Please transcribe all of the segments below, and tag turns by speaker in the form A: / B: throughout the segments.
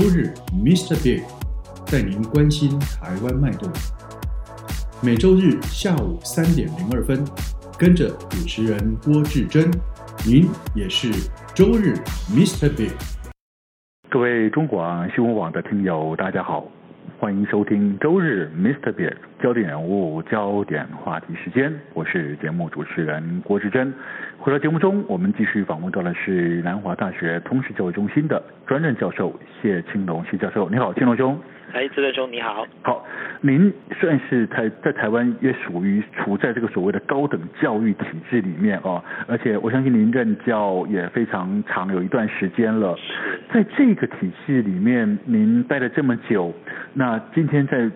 A: 周日，Mr. Big 帶您關心台灣脈動。每周日下午三點零二分，跟着主持人郭志珍，您也是周日，Mr. Big。各位中廣新聞網的聽友，大家好。歡迎收聽周日 Mr. Big 焦點人物、焦點話題時間，我是節目主持人郭志珍。回到節目中，我們繼續訪問到的是南華大學通識教育中心的專任教授謝青龍，謝教授，你好，青龍兄。
B: 哎，志
A: 文兄，你好。好，您算是台在，在台灣也屬於處在這個所謂的高等教育體制裡面啊，而且我相信您任教也非常長有一段時間了，在這個體系裡面您待了這麼久，那今天在。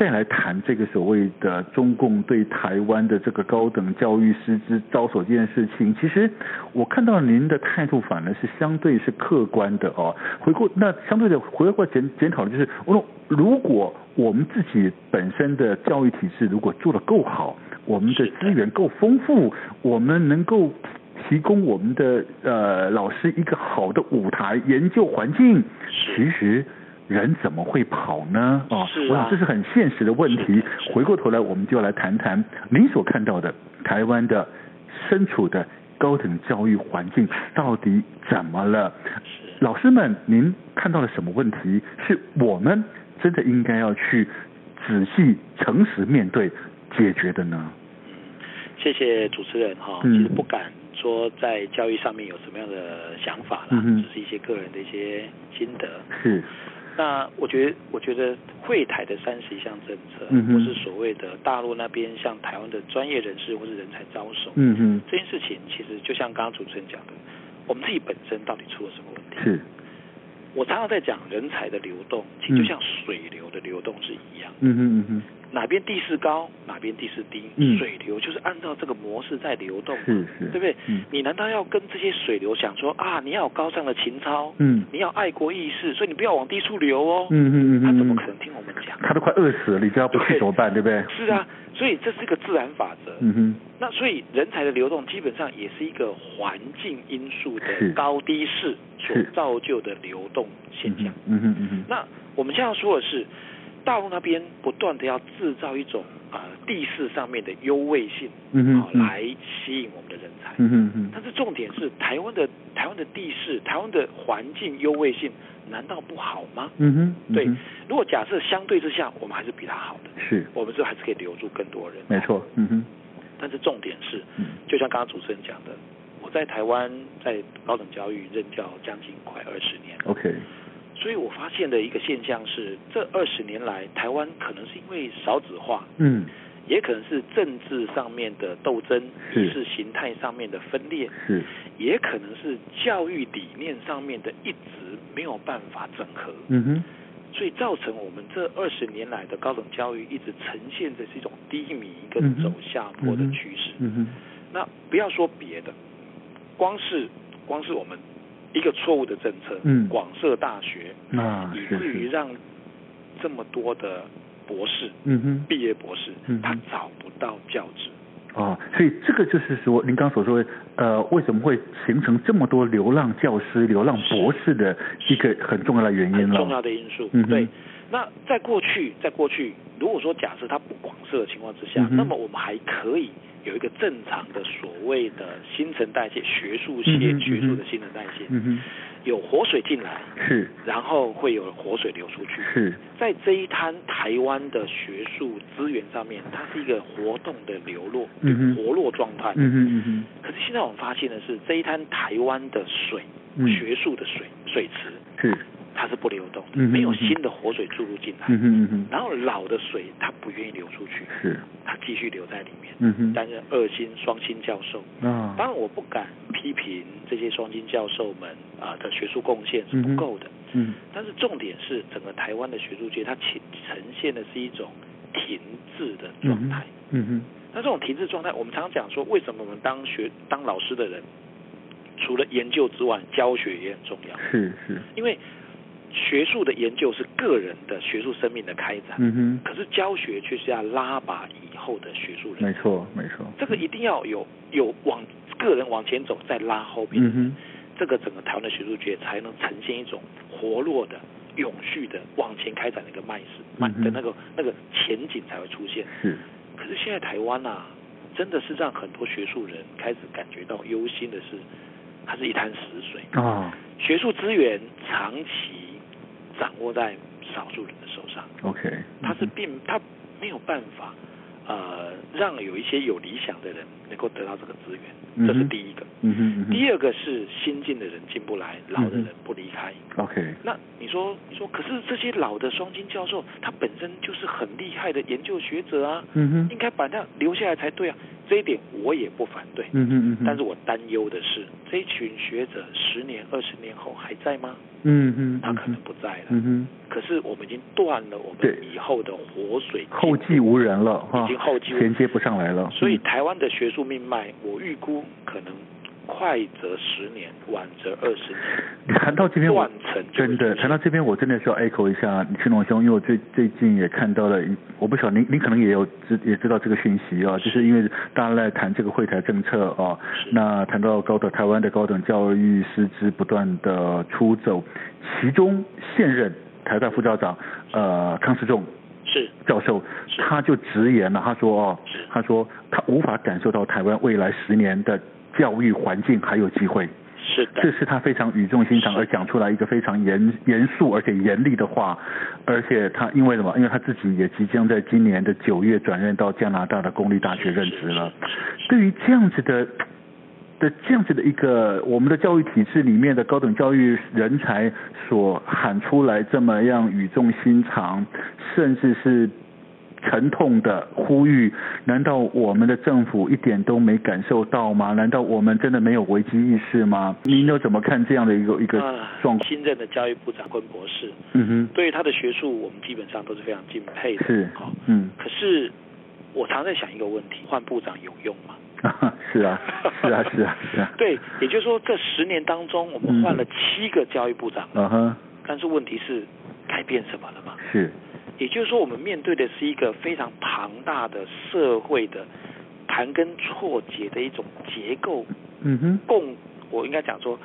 A: 再來談這個所謂的中共對台灣的這個高等教育師資招手這件事情，其實我看到您的態度反而是相對是客觀的哦。回過，那相對的回來過來檢，檢檢討，就是我說，如果我們自己本身的教育體制如果做得夠好，我們的資源夠豐富，我們能夠提供我們的呃老師一個好的舞台、研究環境，其實。人怎麼會跑呢？哦、是啊，我想這是很現實的問題。啊啊啊、回過頭來，我們就要來談談您所看到的台灣的身處的高等教育環境到底怎麼了，啊？老師們，您看到了什麼問題？是我們真的應該要去仔細、誠實面對解決的呢？嗯，
B: 謝謝主持人哈，哦嗯，其實不敢說在教育上面有什麼樣的想法了，嗯，就是一些個人的一些心得。是。那我覺得，我覺得惠台的三十一項政策，或是所謂的大陸那邊向台灣的專業人士或是人才招手。嗯嗯，這件事情其實就像剛剛主持人講的，我們自己本身到底出了什麼問題？我常常在講人才的流動，其實就像水流的流動是一樣的。嗯嗯嗯哪邊地勢高，哪邊地勢低，嗯，水流就是按照這個模式在流動，是是，對不對，嗯？你難道要跟這些水流想說啊？你要有高尚的情操，嗯，你要愛國意識，所以你不要往低處流哦。嗯哼嗯嗯他、啊、怎麼可能聽我們講？他都快餓
A: 死了，你知道不去怎麼辦，對？對不
B: 對？是啊，所以這是一個自然法則。嗯，那所以人才的流動基本上也是一個環境因素的高低勢所造就的流動
C: 現象。嗯哼嗯哼嗯
B: 哼，那我們現在說的是。大陸那邊不斷的要製造一種啊地勢上面的優位性，
C: 嗯哼，來
B: 吸引我們的人才，嗯
C: 哼，但是
B: 重點是台灣的台灣的地勢，台灣的環境優位性難道不好嗎？嗯嗯
C: 哼，對。
B: 如果假設相對之下，我們還是比他好的，是，我們是還是可以留住更多人，沒錯，嗯哼。但是重點是，就像剛剛主持人講的，我在台灣在高等教育任教將近快二十年，OK。所以我發現的一個現象是，這二十年來，台灣可能是因為少子化，嗯，也可能是政治上面的鬥爭，嗯，意識形態上面的分裂，嗯，也可能是教育理念上面的一直沒有辦法整合，嗯哼，所以造成我們這二十年來的高等教育一直呈現的是一種低迷跟走下坡的趨勢，嗯
C: 哼，嗯哼，嗯哼，
B: 那不要說別的，光是，光是我們。一個錯誤的政策，廣設大學，嗯
A: 啊，那以至於
B: 讓這麼多的博士，嗯畢業博士，嗯，他找不到教職。
A: 哦，所以這個就是說，您剛所說的，呃，為什麼會形成這麼多流浪教師、流浪博士的一個很重要的原因了。很重要的
B: 因素，嗯，對。那在過去，在過去，如果說假設他不廣設的情況之下，嗯，那麼我們還可以。有一個正常的所謂的新陳代謝，學術系學術的新陳代謝，有活水進來，然後會有活水流出去，在這一灘台灣的學術資源上面，它是一個活動的流落，對活絡狀態。可是現在我們發現的是，這一灘台灣的水，學術的水，水池。它是不流動的，沒有新的活水注入進來，mm -hmm. 然後老的水它不願意流出去，是它繼續留在裡
C: 面。嗯擔
B: 任二星雙星教授。啊、mm -hmm.。當然我不敢批評這些雙星教授們啊的學術貢獻是不夠的。嗯、mm -hmm.。Mm -hmm. 但是重點是整個台灣的學術界它呈現的是一種停滯的
C: 狀態。嗯、mm -hmm. mm -hmm.
B: 那這種停滯狀態，我們常常講說，為什麼我們當學當老師的人，除了研究之外，教學也很重要。是是。因為。學術的研究是個人的學術生命的開展，嗯哼。可是教學卻是要拉拔以後的學術人。
A: 沒錯，沒錯。
B: 這個一定要有有往個人往前走，再拉後邊，
C: 嗯。
B: 這個整個台灣的學術界才能呈現一種活絡的、永續的往前開展的一個脈勢，慢
C: 的那個、嗯那個、
B: 那個前景才會出現。是。可是現在台灣吶、啊，真的是讓很多學術人開始感覺到憂心的是，它是一灘死水。哦。學術資源長期。掌握在少數人的手上。OK，mm -hmm. 他是並他沒有辦法，呃，讓有一些有理想的人能夠得到這個資源。Mm -hmm. 這是第一個。
C: 嗯、mm -hmm. mm -hmm. 第二
B: 個是新進的人進不來，老的人不離開。Mm -hmm. OK。那你說，你說，可是這些老的雙金教授，他本身就是很厲害的研究學者啊。嗯哼。應該把他留下來才對啊。這一點我也不反對，嗯哼，嗯嗯，但是我擔憂的是，這群學者十年、二十年後還在嗎？嗯
A: 嗯，他可能不在了。嗯哼，嗯哼。
B: 可是我們已經斷了我們以後的活水，後
A: 繼無人了，啊、已經後繼無、啊、接不上來了。所以台
B: 灣的學術命脈，我預估可能。快則十年，晚則二十
A: 年。你談到這邊我，我、就是、真的談到這邊，我真的需要 echo 一下，青龍兄，因為我最最近也看到了，我不曉得您您可能也有知也知道這個訊息啊，是就是因為大家在談這個惠台政策啊，那談到高等台灣的高等教育師資不斷的出走，其中現任台大副校長呃康世仲是教授，呃是教授是，他就直言了，他說哦、啊，他說他無法感受到台灣未來十年的，教育環境還有機會，是的，這是他非常語重心長而講出來一個非常嚴嚴肅而且嚴厲的話，而且他因為什麼？因為他自己也即將在今年的九月轉任到加拿大的公立大學任職了。對於這樣子的的這樣子的一個我們的教育體制裡面的高等教育人才所喊出來這麼樣語重心長，甚至是。沉痛的呼籲，難道我們的政府一點都沒感受到嗎？難道我們真的沒有危機意識嗎？您有怎麼看這樣的一個一個狀況？啊？新
B: 任的教育部長昆博士，嗯哼，對於他的學術，我們基本上都是非常敬佩的。是，嗯、哦。可是我常在想一個問題：換部長有用嗎？
C: 啊是啊，是啊， 是啊，是啊，是
B: 啊。對，也就是說，這十年當中，我們換了七個教育部長。嗯哼。但是問題是，改變什麼了嗎？是。也就是說，我們面對的是一個非常龐大的社會的盤根錯節的一種結構。嗯哼。共，我應該講說，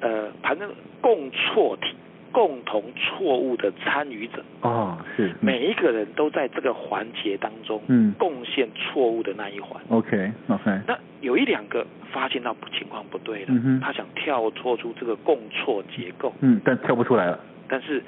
B: 呃，盤根共錯體，共同錯誤的參與者。哦，
C: 是、嗯。每
B: 一個人都在這個環節當中貢獻錯誤的那一環。
C: OK，OK、okay, okay.。
B: 那有一兩個發現到情況不對了，嗯、他想跳脫出這個共錯結構。嗯，但跳不出來了。但是。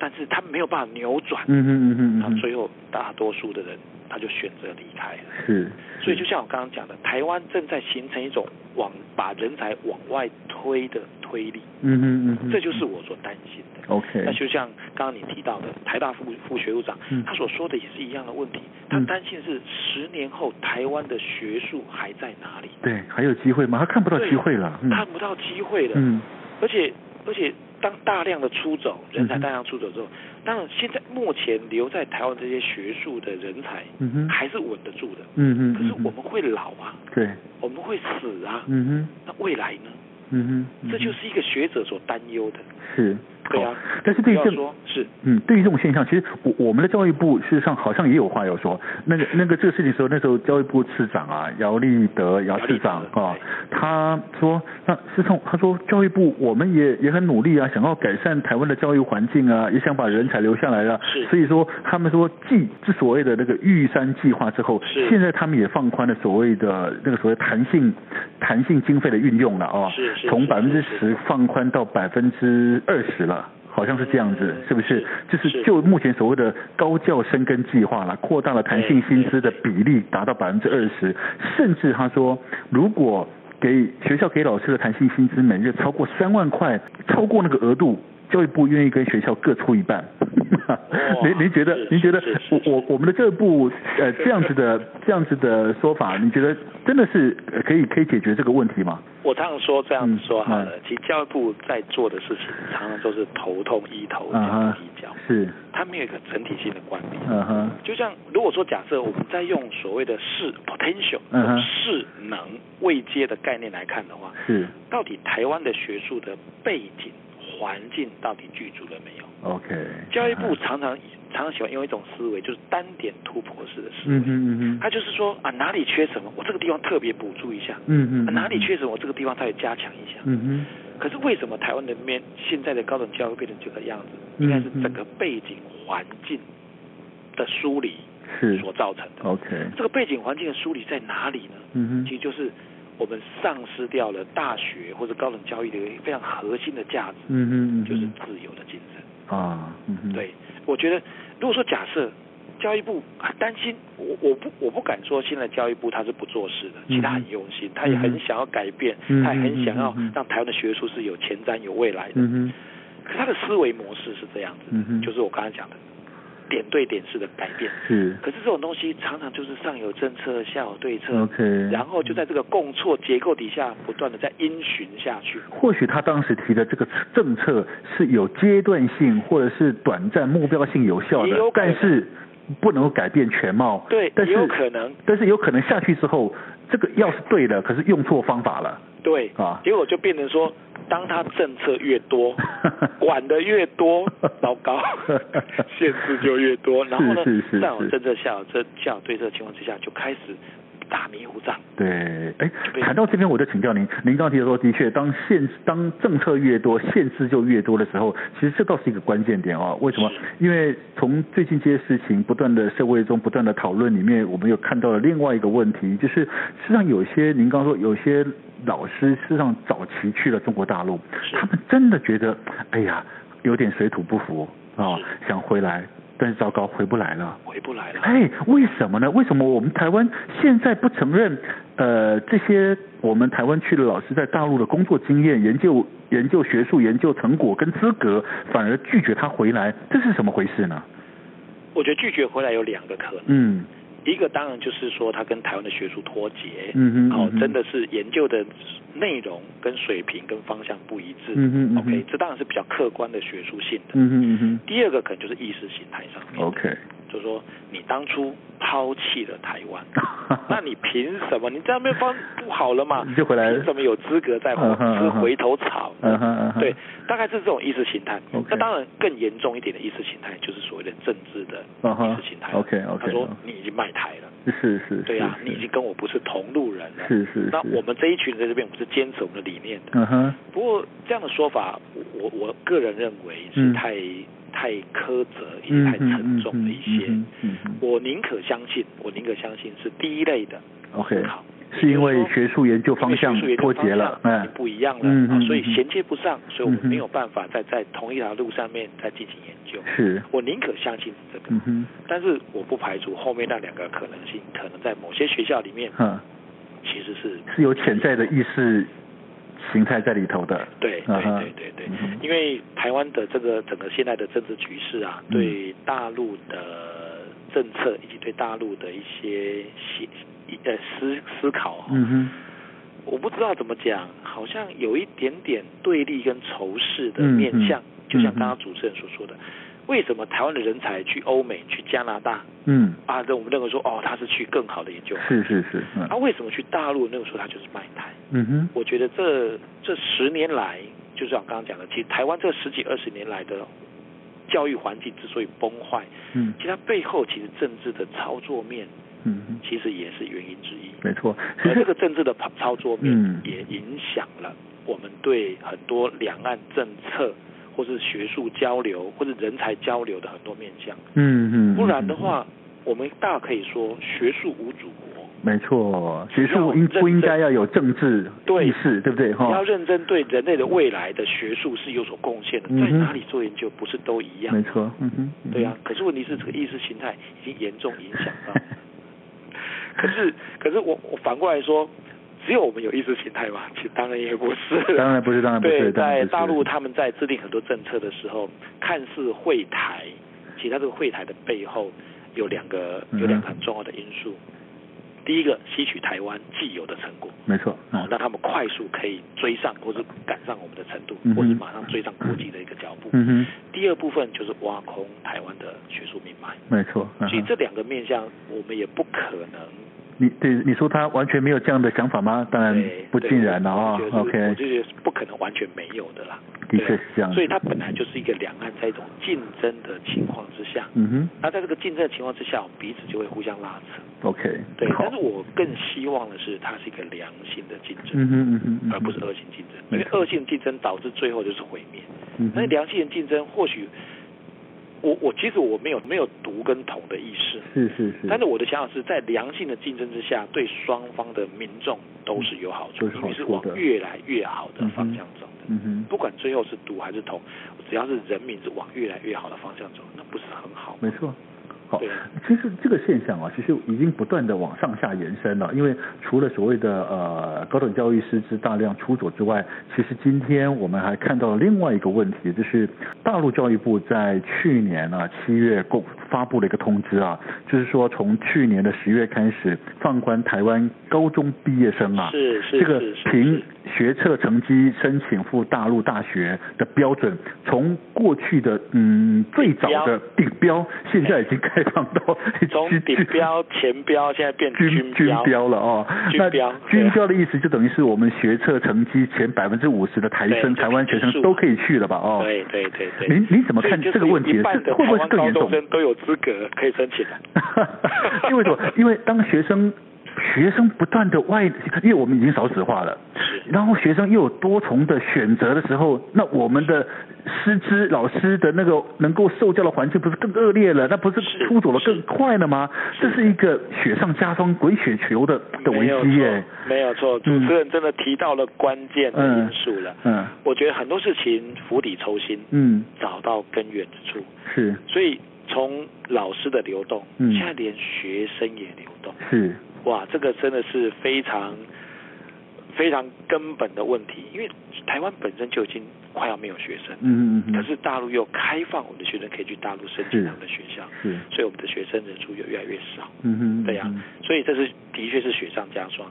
B: 但是他沒有辦法扭轉，嗯哼、嗯哼、嗯、嗯，他最後大多數的人他就選擇離開了，是。所以就像我剛剛講的，台灣正在形成一種往把人才往外推的推力，嗯
C: 哼、嗯、嗯，這就
B: 是我所擔心
C: 的。OK。那就
B: 像剛剛你提到的，台大副副學務長，嗯，他所說的也是一樣的問題，他擔心是十年後台灣的學術還在哪裡？
A: 對，還有機會嗎？他看不到機會了，看不
B: 到機會了，
A: 嗯，
B: 而且而且。當大量的出走人才大量出走之後，嗯，當然現在目前留在台灣這些學術的人才還是穩得住的，嗯。
C: 嗯哼，可是我
B: 們會老啊，對，嗯，我們會死啊。嗯哼，那未來呢？嗯哼，
A: 嗯哼，
B: 這就是一個學者所擔憂的。是、哦，對啊，但是對於這種
A: 是，嗯，對於這種現象，其實我我們的教育部事實上好像也有話要說。那個那個這個事情時候，那時候教育部次長啊，姚立德姚次長啊、哦，他說，那是從，他說教育部我們也也很努力啊，想要改善台灣的教育環境啊，也想把人才留下來啊。是，所以說他們說繼這所謂的那個玉山計劃之後，現在他們也放寬了所謂的那個所謂彈性彈性經費的運用了啊、哦。是是，從百分之十放寬到百分之。二十了，好像是這樣子，是不是？就是就目前所謂的高教深耕計劃了，擴大了彈性薪資的比例，達到百分之二十，甚至他說，如果給學校給老師的彈性薪資每月超過三萬塊，超過那個額度。教育部願意跟學校各出一半， 您您覺得您覺得我我們的教育部呃這樣子的這樣子的說法，你覺得真的是可以可以解決這個問題嗎？
B: 我常常說這樣子說好了、嗯、其實教育部在做的事情、嗯、常常都是頭痛醫頭，腳、啊、是，他沒有一個整體性的觀念，嗯、啊、哼，就像如果說假設我們在用所謂的勢 potential，嗯、啊、哼，勢能位階的概念來看的話，是，到底台灣的學術的背景，環境到底具足了沒有
C: ？OK。教育部
B: 常常、啊、常常喜歡用一種思維，就是單點突破式的思
C: 維。嗯嗯嗯，他就
B: 是說啊，哪裡缺什麼，我這個地方特別補助一下。嗯嗯、啊。哪裡缺什麼，我這個地方他也加強一下。
C: 嗯嗯。
B: 可是為什麼台灣的面現在的高等教育變成這個樣子？
C: 應該是整個
B: 背景環境的梳理是所造成的。OK。這個背景環境的梳理在哪裡呢？
C: 嗯嗯。其實
B: 就是。我們喪失掉了大學或者高等教育的一個非常核心的價值，
C: 嗯，就是
B: 自由的精神
C: 啊，嗯，
B: 對我覺得，如果說假設教育部很擔心，我我不我不敢說現在教育部他是不做事的，其他很用心，他也很想要改變，他也很想要讓台灣的學術是有前瞻有未來的，嗯哼，可是他的思維模式是這樣子的，嗯，就是我剛才講的。點對點式的改變，是。可是這種東西常常就是上有政策，下有對策，OK。然後就在這個共錯結構底下，不斷的在因循下去。
A: 或許他當時提的這個政策是有階段性，或者是短暫目標性有效的，但是不能夠改變全貌。對，但也有可能。但是有可能下去之後，這個藥是對的，可是用錯方法了。
B: 對啊，結果就變成說。當他政策越多，管得越多， 糟糕，限制就越多。 然後呢，上是是是是有政策下有，下有這下有對策的情況之下，就開始打迷糊仗。
A: 對，哎，談到這邊，我就請教您，您剛剛提到說，的確，當限當政策越多，限制就越多的時候，其實這倒是一個關鍵點啊、哦。為什麼？因為從最近這些事情不斷的社會中不斷的討論裡面，我們又看到了另外一個問題，就是實際上有些您剛剛說有些。老師事實上早期去了中國大陸，他們真的覺得哎呀有點水土不服啊、哦，想回來，但是糟糕回不來了。回不來了。哎、hey，為什麼呢？為什麼我們台灣現在不承認呃這些我們台灣去的老師在大陸的工作經驗、研究、研究學術研究成果跟資格，反而拒絕他回來？這是什麼回事呢？
B: 我覺得拒絕回來有兩個可能。嗯。一個當然就是說，他跟台灣的學術脫節，嗯好、嗯，真的是研究的內容跟水平跟方向不一致。嗯 OK，嗯這當然是比較客觀的學術性
C: 的。嗯嗯，第二
B: 個可能就是意識形態上面的。OK。就說你當初拋棄了台灣， 那你憑什麼？你在那邊放不好了嘛？你就回來了？憑什麼有資格再回 回頭草？嗯哼嗯對， 對 大概是這種意識形態。Okay. 那當然更嚴重一點的意識形態，就是所謂的政治的意識形態。 OK OK，, okay 他說你已經賣台了，
C: 是是，對啊，你已
B: 經跟我不是同路人了，是是。那我們這一群人在這邊，我們是堅持我們的理念的。
C: 的嗯
B: 哼。不過這樣的說法，我我個人認為是太。嗯太苛責也太沉重的一些，嗯嗯嗯、我寧可相信，我寧可相信是第一類的考考。OK，好，
A: 是因為學術研究方向脫節了，嗯，不
B: 一樣了，嗯嗯啊、所以銜接不上，所以我沒有辦法在在同一條路上面再進行研究。是，我寧可相信是這
A: 個、嗯，
B: 但是我不排除後面那兩個可能性，可能在某些學校裡面，
A: 嗯，
B: 其實是、嗯、
A: 是有潛在的意識。心態在裡頭的，對對對
B: 對對，嗯、因為台灣的這個整個現在的政治局勢啊、嗯，對大陸的政策以及對大陸的一些思呃思思考，嗯哼，我不知道怎麼講，好像有一點點對立跟仇視的面向，
C: 嗯、就像剛剛
B: 主持人所說的。嗯為什麼台灣的人才去歐美、去加拿大？嗯啊，我們認為說，哦，他是去更好的研究。是是是。嗯、啊，為什麼去大陸？那個時候他就是賣台。
C: 嗯哼。我
B: 覺得這這十年來，就像我剛剛講的，其實台灣這十幾二十年來的教育環境之所以崩壞，嗯，其實它背後其實政治的操作面，嗯，其實也是原因之一。
A: 嗯、沒錯。那這個政治
B: 的操作面、嗯，也影響了我們對很多兩岸政策。或是學術交流，或是人才交流的很多面向。
A: 嗯嗯。不然的
B: 話，嗯、我們大可以說學術無祖國。
A: 沒錯，學術應不應該要有政治意識，對,對不對哈？你要認
B: 真對人類的未來的學術是有所貢獻的。嗯在哪裡做研究不是都一樣？沒
A: 錯。嗯嗯對啊，可
B: 是問題是這個意識形態已經嚴重影響到。 可是，可是我我反過來說。只有我們有意識形態嗎？其實當然也不是，當然不
A: 是，當然不是。對，在
B: 大陸，他們在制定很多政策的時候，看似會台，其實這個會台的背後有兩個、嗯、有兩個很重要的因素。第一個，吸取台灣既有的成果。沒錯。哦、嗯。讓他們快速可以追上，或是趕上我們的程度，嗯、或是馬上追上國際的一個腳步。嗯、第二部分就是挖空台灣的學術命脈。
A: 沒錯、嗯。所以這
B: 兩個面向，我們也不可能。
A: 你對你說他完全沒有這樣的想法嗎？當然不盡然了哈、哦，就是。OK，我就
B: 覺得不可能完全沒有的啦。的確是這樣。所以它本來就是一個兩岸在一種競爭的情況之下。嗯哼。那在這個競爭的情況之下，我們彼此就會互相拉扯。OK，對。但是我更希望的是它是一個良性的競爭，嗯哼嗯哼嗯哼，而不是惡性競爭、嗯，因為惡性競爭導致最後就是毀滅。嗯、哼，那個、良性的競爭或許。我我其實我沒有沒有獨跟統的意思，是是
C: 是，但
B: 是我的想法是在良性的競爭之下，對雙方的民眾都是有好處，嗯就是、好處，因為是往越來越好的方向走的。嗯嗯、不管最後是獨還是統，只要是人民是往越來越好的方向走，那不是很好嗎？沒錯。好，其
A: 實這個現象啊，其實已經不斷的往上下延伸了。因為除了所謂的呃高等教育師資大量出走之外，其實今天我們還看到了另外一個問題，就是大陸教育部在去年啊七月共發布了一個通知啊，就是說從去年的十月開始放寬台灣高中畢業生啊，是是是這個憑。學測成績申請赴大陸大學的標準，從過去的嗯最早的頂標，現在已經開放到
B: 從頂標、前標，現在變成均標，均，均標了哦。均標，那均標
A: 的意思就等於是我們學測成績前百分之五十的台生、台灣學生都可以去了吧？哦，對對對
B: 對。您您怎麼看這個問題？是會不會更嚴重？都有資格可以申
A: 請的、啊， 因為什麼？因為當學生。學生不斷的外，因為我們已經少子化了。是。然後學生又有多重的選擇的時候，那我們的師資老師的那個能夠受教的環境不是更惡劣了？那不是出走的更快了嗎？這是一個雪上加霜滾雪球的的危機。沒有錯，
B: 沒有錯。主持人真的提到了關鍵的因素了嗯。嗯。我覺得很多事情釜底抽薪，嗯，找到根源之處。是。所以從老師的流動，嗯，現在連學生也流動。是。哇，這個真的是非常非常根本的問題，因為台灣本身就已經快要沒有學生，嗯，可是大陸又開放我們的學生可以去大陸申請他們的學校，是，所以我們的學生人數又越來越少，嗯，對呀，啊，所以這是的確是雪上加霜。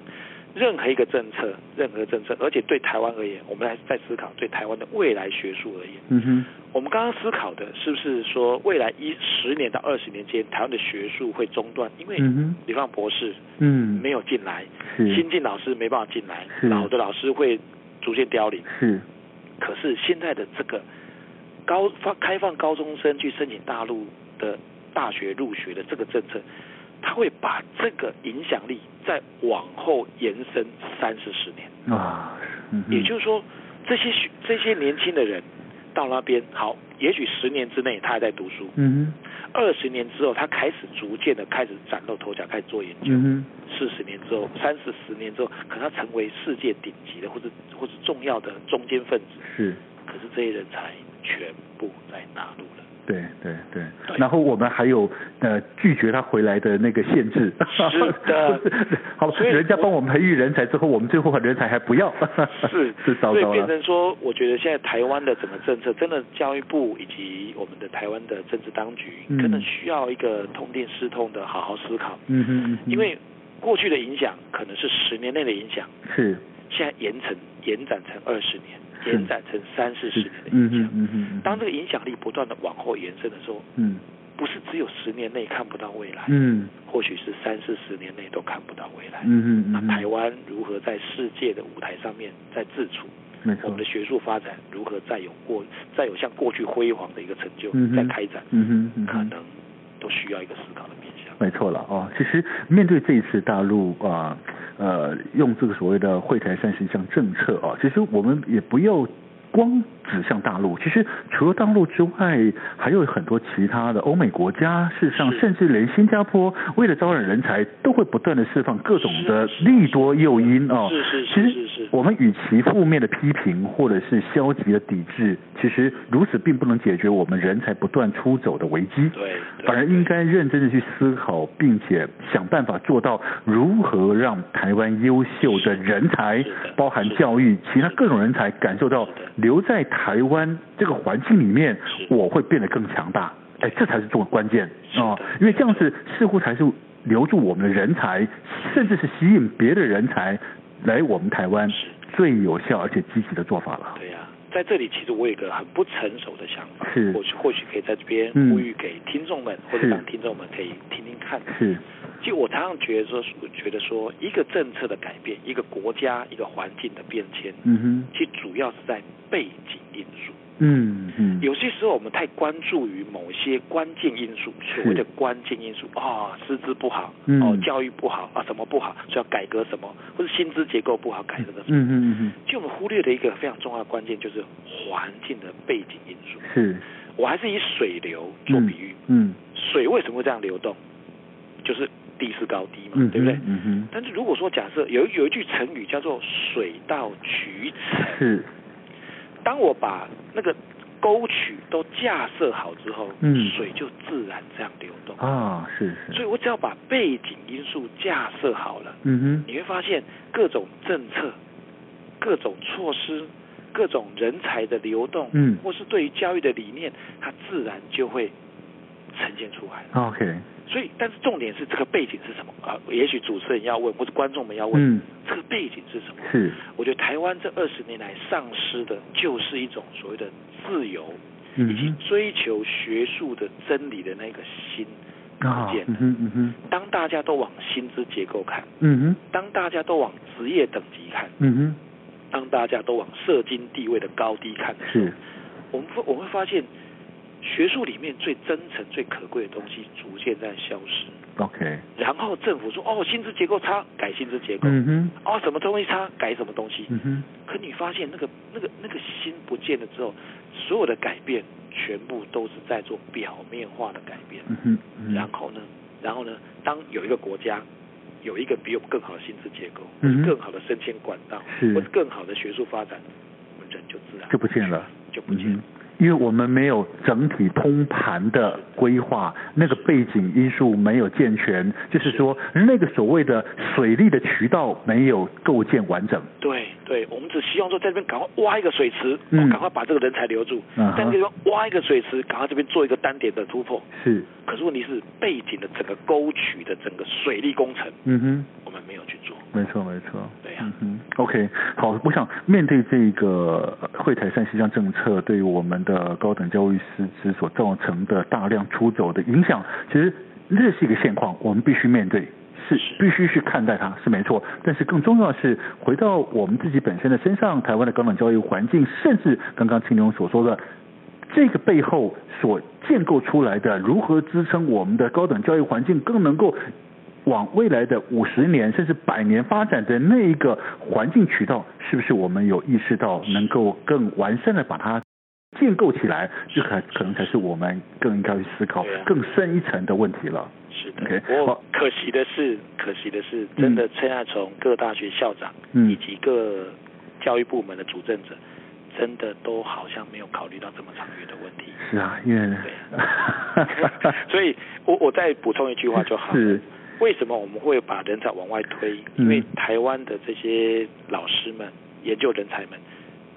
B: 任何一個政策，任何政策，而且對台灣而言，我們還在思考對台灣的未來學術而言。嗯
C: 哼。
B: 我們剛剛思考的是不是說未來一十年到二十年間，台灣的學術會中斷？嗯哼。因為李方博士嗯沒有進來、嗯，新進老師沒辦法進來，老的老師會逐漸凋零。是。可是現在的這個高放開放高中生去申請大陸的大學入學的這個政策。他會把這個影響力再往後延伸三四十年啊，也就是說，這些這些年輕的人到那邊，好，也許十年之內他還在讀書，嗯，二十年之後他開始逐漸的開始嶄露頭角，開始做研究，嗯，四十年之後，三四十年之後，可能他成為世界頂級的或者或者重要的中堅分子，
A: 是，
B: 可是這些人才全部在大陸。
A: 對對對，對，然後我們還有呃拒絕他回來的那個限制。是
B: 的。 好，所以人家幫我們
A: 培育人才之後，我，我們最後人才還不要。 是。 是，糟所以變成
B: 說，我覺得現在台灣的整個政策，真的教育部以及我們的台灣的政治當局，可能需要一個痛定思痛的好好思考。嗯
C: 哼嗯嗯。因
B: 為過去的影響可能是十年內的影響。是。現在延成延展成二十年，延展成三四十年的
C: 影響、
B: 嗯嗯。當這個影響力不斷地往後延伸的時候，嗯、不是只有十年內看不到未來，嗯、或許是三四十年內都看不到未來。嗯嗯、那台灣如何在世界的舞台上面在自處？我們的學術發展如何再有過再有像過去輝煌的一個成就再開展、嗯嗯嗯？可能都需要一個思考的面
A: 向。沒錯了哦，其實面對這一次大陸啊。呃，用這個所謂的“惠臺三十項政策”啊，其實我們也不要，光指向大陸，其實除了大陸之外，還有很多其他的歐美國家，事實上，甚至連新加坡，為了招攬人才，都會不斷的釋放各種的利多誘因啊、哦。其實我們與其負面的批評或者是消極的抵制，其實如此並不能解決我們人才不斷出走的危機。對。對對。反而應該認真的去思考，並且想辦法做到如何讓台灣優秀的人才，包含教育其他各種人才，感受到。留在台灣這個環境裡面，我會變得更強大。哎、欸，這才是重要關鍵啊、呃！因為這樣子似乎才是留住我們的人才，甚至是吸引別的人才來我們台灣最有效而且積極的做法了。對呀。
B: 在這裡，其實我有一個很不成熟的想法，我或許可以在這邊呼籲給聽眾們、嗯，或者讓聽眾們可以聽聽看。嗯，其實我常常覺得說，我覺得說，一個政策的改變，一個國家、一個環境的變遷，嗯哼，其實主要是在背景因素。
C: 嗯嗯，
B: 有些時候我們太關注於某些關鍵因素，所謂的關鍵因素啊，哦，師資不好、嗯，哦，教育不好啊，什麼不好，需要改革什麼，或者薪資結構不好，改革什麼什麼。嗯
C: 嗯嗯嗯，
B: 就我們忽略了一個非常重要的關鍵，就是環境的背景因素。
C: 嗯，我
B: 還是以水流做比喻嗯。嗯，水為什麼會這樣流動？就是地勢高低嘛，嗯嗯嗯、對不對？嗯嗯，嗯。但是如果說，假設有一有一句成語叫做水到渠成。當我把那個溝渠都架設好之後，嗯，水就自然這樣流動。啊、哦，
A: 是是。
B: 所以我只要把背景因素架設好
C: 了，嗯，你
B: 會發現各種政策、各種措施、各種人才的流動，嗯，或是對於教育的理念，它自然就會呈現出來 OK，所以，但是重點是這個背景是什麼啊？也許主持人要問，或者觀眾們要問，嗯，這個背景是什麼？是，我覺得台灣這二十年來喪失的就是一種所謂的自由，嗯、以及追求學術的真理的那個心不
C: 見了。哦嗯嗯、
B: 當大家都往薪資結構看，嗯，當大家都往職業等級看，嗯，當大家都往社經地位的高低看，是。我們會，我們會發現。學術裡面最真誠、最可貴的東西逐漸在消失。
C: OK。
B: 然後政府說：“哦，薪資結構差，改薪資結構。
C: Mm -hmm.
B: 哦，什麼東西差，改什麼東西。”嗯哼。可你發現那個、那個、那個心不見了之後，所有的改變全部都是在做表面化的改變。嗯哼。然後呢？然後呢？當有一個國家有一個比我們更好的薪資結構，更好的升遷管道，mm -hmm. 或者更好的學術發展，我們人就自然
A: 就不見了，就不見了。因為我們沒有整體通盤的規劃，那個背景因素沒有健全，是就是說是那個所謂的水利的渠道，沒有構建完整。
B: 對，對，我們只希望說在這邊趕快挖一個水池，嗯哦、趕快把這個人才留住，啊、在這邊挖一個水池，趕快這邊做一個單點的突破。是，可是問題是背景的整個溝渠的整個水利工程，
A: 嗯哼，我們沒有去做。沒錯，沒錯。
B: 對，
A: 嗯哼、嗯，OK，好，我想面對這個惠台三十一項政策對於我們的高等教育師資所造成的大量出走的影響，其實這是一個現況，我們必須面對，是必須去看待它，是沒錯。但是更重要的是，回到我們自己本身的身上，台灣的高等教育環境，甚至剛剛青龍所說的這個背後所建構出來的，如何支撐我們的高等教育環境更能夠。往未來的五十年甚至百年發展的那一個環境渠道，是不是我們有意識到能夠更完善的把它建構起來？這可可能才是我們更應該去思考更深一層的問題了。是的。Okay, 我
B: 可惜的是，可惜的是，嗯、真的現在從各大學校長以及各教育部門的主政者，真的都好像沒有考慮到這麼長遠的問
C: 題。是啊，因為、啊、
B: 所以我，我我再補充一句話就好了。是。為什麼我們會把人才往外推？因為台灣的這些老師們、嗯、研究人才們，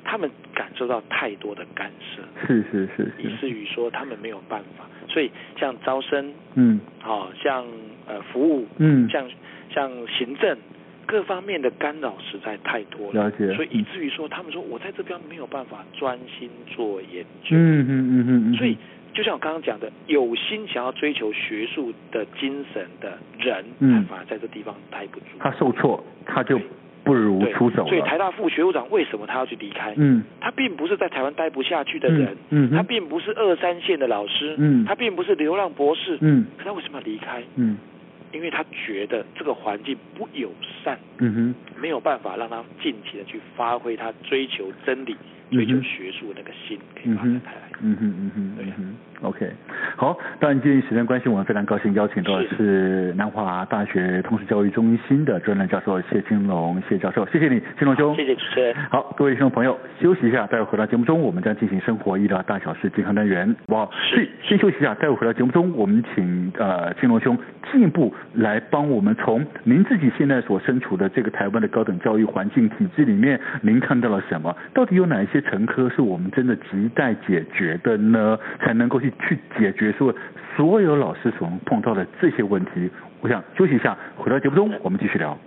B: 他們感受到太多的干涉，是是是，
C: 是，以至於
B: 說他們沒有辦法。所以像招生，
C: 嗯，
B: 好、哦，像呃服務，嗯，像像行政各方面的干擾實在太多了，了解，所以以至於說他們說我在這邊沒有辦法專心做研
C: 究。嗯嗯嗯
A: 嗯嗯。所以。
B: 就像我剛剛講的，有心想要追求學術的精神的人，嗯，他反而在這地方待不住，他受
A: 挫，他就不如出走，對，所以台大
B: 副學務長為什麼他要去離開？嗯，他並不是在台灣待不下去的人，嗯，嗯，他並不是二三線的老師，嗯，他並不是流浪博士，嗯，可他為什麼要離開？
C: 嗯，
B: 因為他覺得這個環境不友善，嗯哼，沒有辦法讓他盡情的去發揮他追求真理。那、mm、種
A: -hmm. 學術那個心嗯哼嗯哼嗯哼嗯哼。OK，好，當然，鑑於時間關係，我們非常高興邀請到的是南華大學通識教育中心的專任教授謝青龍，謝教授，謝謝你，青龍兄。謝謝主持人。好，各位聽眾朋友，休息一下，待會回到節目中，我們將進行生活醫療大,大小事健康單元，哇、wow,，是。先休息一下，待會回到節目中，我們請呃青龍兄進一步來幫我們從您自己現在所身處的這個台灣的高等教育環境體制裡面，您看到了什麼？到底有哪些？陳科是我們真的亟待解決的呢？才能夠去去解決說所有老師所碰到的這些問題。我想休息一下，回到節目中，我們繼續聊。